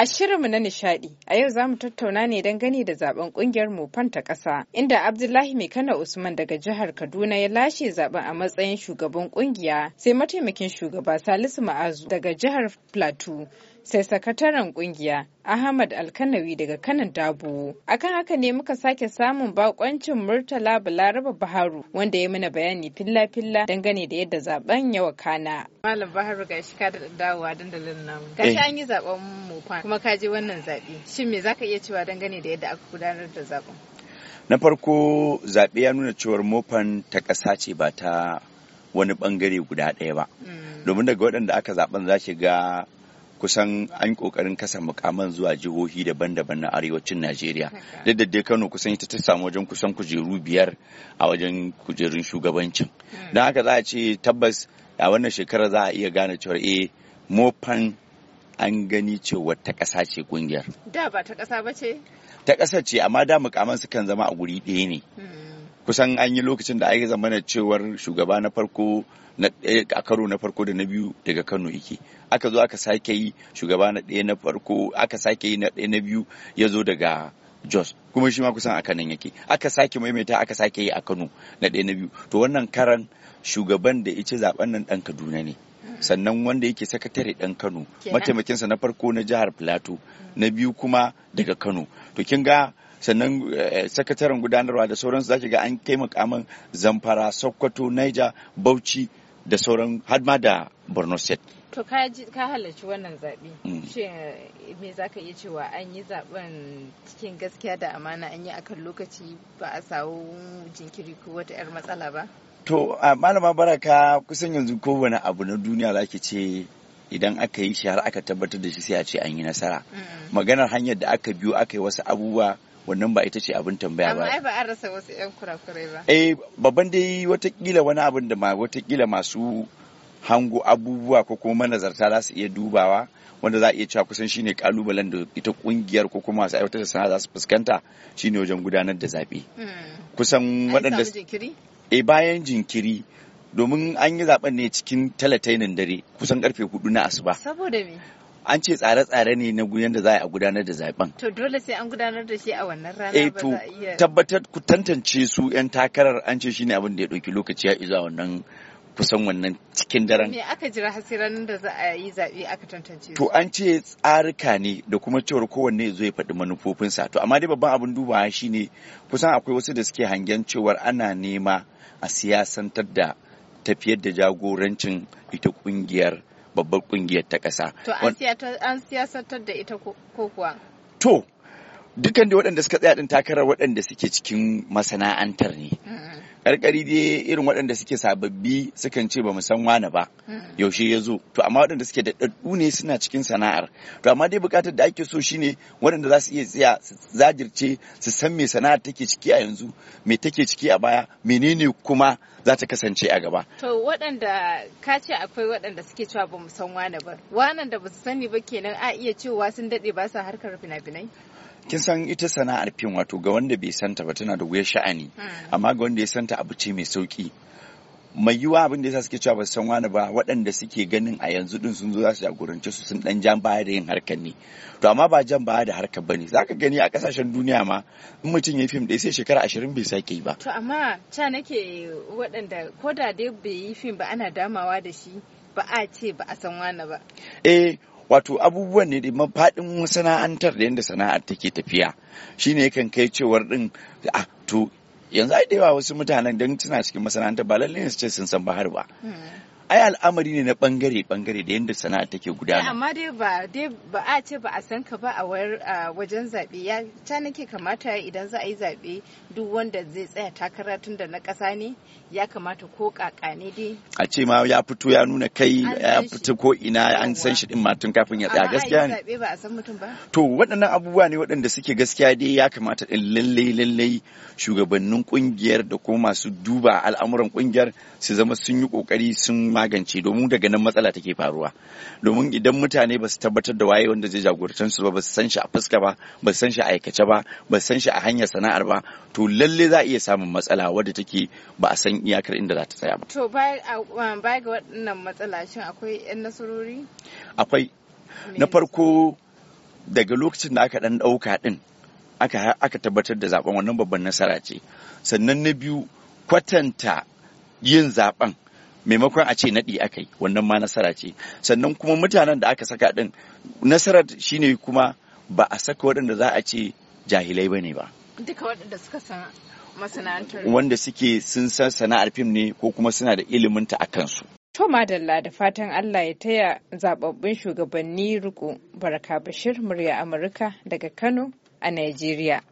A shirinmu na nishadi, a yau za mu tattauna ne dangane da zaben kungiyar mu fanta ƙasa, inda Abdullahi Mai Kano Usman daga jihar Kaduna ya lashe zaben a matsayin shugaban kungiya, sai mataimakin shugaba Salisu Ma'azu daga jihar Plateau sai sakataren kungiya Ahmad Alkanawi daga kanan Dabu. Akan haka ne muka sake samun bakoncin Murtala Balaraba Baharu wanda ya mana bayani filla-filla dangane da yadda zaben ya wakana. Malam Baharu ga shi ka da dawowa dandalin namu. Eh. Ga shi an yi zaben mu kuma ka je wannan zaɓe. Shin me zaka iya cewa dangane da yadda aka gudanar da zaben? Na farko zaɓe ya nuna cewar mofan ta ƙasa ce ba ta wani ɓangare guda ɗaya ba. Hmm. Domin daga waɗanda aka zaɓen za ga kusan an kokarin kasa mukaman zuwa jihohi daban-daban na arewacin Najeriya. Duk da dai Kano kusan ita ta samu wajen kusan kujeru biyar a wajen kujerun shugabancin. Hmm. Don haka za a ce tabbas a wannan shekarar za a iya gane cewa eh mofan an gani cewa ta ƙasa ce kungiyar. Da ba ta ƙasa ba ce? Ta ƙasa ce amma da mukaman sukan zama a guri ɗaya ne. Hmm. kusan an yi lokacin da zama na cewar shugaba na farko eh, a karo na farko da na biyu daga kano yake aka zo aka sake yi shugaba na ɗaya na farko aka sake yi na ɗaya na biyu ya zo daga jos kuma shi ma kusan a kanan yake aka sake maimaita aka sake yi a kano na ɗaya na biyu to wannan karan shugaban da ya ci zaben nan ɗan kaduna ne sannan wanda yake sakatare ɗan kano mataimakinsa na farko na jihar plateau na biyu kuma daga kano to kin ga sannan eh, sakataren gudanarwa da sauransu zaki ga an kai makaman zamfara sokoto naija bauchi da sauran har ma da borno state to ka halarci wannan zaɓe mm. me za ka iya cewa an yi zaɓen cikin gaskiya da amana an yi akan lokaci ba a samu jinkiri ko wata 'yar matsala ba to malama baraka kusan yanzu kowane abu na duniya za ki ce idan aka yi shi har aka tabbatar da shi sai a ce an yi nasara mm. maganar hanyar da aka biyo aka yi wasu abubuwa wannan ba ita ce abin tambaya ba. Amma ba an rasa wasu 'yan kurakurai ba. Eh babban dai watakila wani abin da ma watakila masu hango abubuwa ko kuma manazarta za su iya dubawa wanda za a iya cewa kusan shine kalubalen da ita kungiyar ko kuma masu aiwatar da sana'a za su fuskanta shine wajen gudanar da zaɓe. Hmm. Kusan waɗanda. Eh bayan jinkiri domin an yi zaben ne cikin talatainin dare kusan karfe hudu na asuba. Saboda me? an ce tsare-tsare ne na da za a gudanar da zaben. To dole sai an gudanar da shi a wannan rana eh ba za iya. tabbatar ku tantance su 'yan takarar an ce shine abin da ya dauki lokaci ya iza wannan kusan wannan cikin daren. Me aka jira har ranar da za a yi zaɓe aka tantance su? To an ce tsarika ne da kuma cewar kowanne zo ya faɗi manufofinsa. To amma dai babban abin dubawa shine kusan akwai wasu da suke hangen cewar ana nema a siyasantar da tafiyar da jagorancin ita kungiyar babbar kungiyar ta ƙasa. To an siyasantar da ita ko kuwa? To, dukkan da waɗanda suka tsaya ɗin takarar waɗanda suke cikin masana'antar ne karkari dai irin waɗanda suke sababbi sukan ce ba mu san wani ba mm. yaushe ya zo to amma waɗanda suke daɗaɗɗu ne suna cikin sana'ar to amma dai buƙatar da ake so shine waɗanda za su iya tsaya su zajirce su san me sana'ar take ciki a yanzu me take ciki a baya menene kuma za ta kasance a gaba to waɗanda ka ce akwai waɗanda suke cewa ba mu san wani ba wanan da ba su sani ba kenan a iya cewa sun daɗe ba sa harkar fina-finai kin san ita sana'ar fim wato ga wanda bai santa ba tana da wuyar sha'ani hmm. amma ga wanda ya santa abu ce mai sauki mai yiwuwa abin da yasa suke cewa ba san wani ba waɗanda suke ganin a yanzu din sun zo za su jagorance su sun dan jan baya da yin harkar ne to amma ba jan baya da harkar ba bane ka gani a kasashen duniya ma in mutum ya yi fim ɗaya sai shekara ashirin bai sake yi ba to amma ca nake waɗanda ko da dai bai yi fim ba ana damawa da shi ba a ce ba a san wani ba eh wato abubuwan ne da faɗin masana'antar da yadda sana'ar take tafiya shine yakan kai cewar din a ah, to yanzu ai da yawa wasu mutanen don suna cikin masana'antar ba lallai ne su ce sun san bahar ba hmm. ai al'amari ne na bangare bangare da yadda sana'a take gudana amma dai ba dai ba a ce ba a san ka ba a wajen zabe ya ta nake kamata idan za a yi zabe duk wanda zai tsaya takara tun da na ƙasa ne ya kamata ko kaka ne dai a ce ma ya fito ya nuna kai ya fito ko ina an san shi din matun kafin ya tsaya gaskiya ne to waɗannan abubuwa ne waɗanda suke gaskiya dai ya kamata din lalle lalle shugabannin kungiyar da ko masu duba al'amuran kungiyar su zama sun yi kokari sun magance domin daga nan matsala take faruwa domin idan mutane ba su tabbatar da waye wanda zai jagorantar su ba ba su san shi a fuska ba ba su san shi a aikace ba ba su san shi a hanyar sana'ar ba to lalle za a iya samun matsala wadda take ba a san iyakar inda za ta tsaya ba to bai ga waɗannan matsala shin akwai yan nasarori akwai na farko daga lokacin da aka ɗan ɗauka ɗin aka tabbatar da zaben wannan babban nasara ce sannan na biyu kwatanta yin zaben maimakon a ce naɗi aka yi wannan ma nasara ce sannan kuma mutanen da aka saka ɗin nasarar shine kuma ba a saka waɗanda za a ce jahilai ba ne ba duka waɗanda suka san masana'antar wanda suke sun san sana'ar fim ne ko kuma suna da ilimin ta a kansu to madalla da fatan Allah ya taya zababbin shugabanni riko baraka bashir murya amurka daga Kano a Najeriya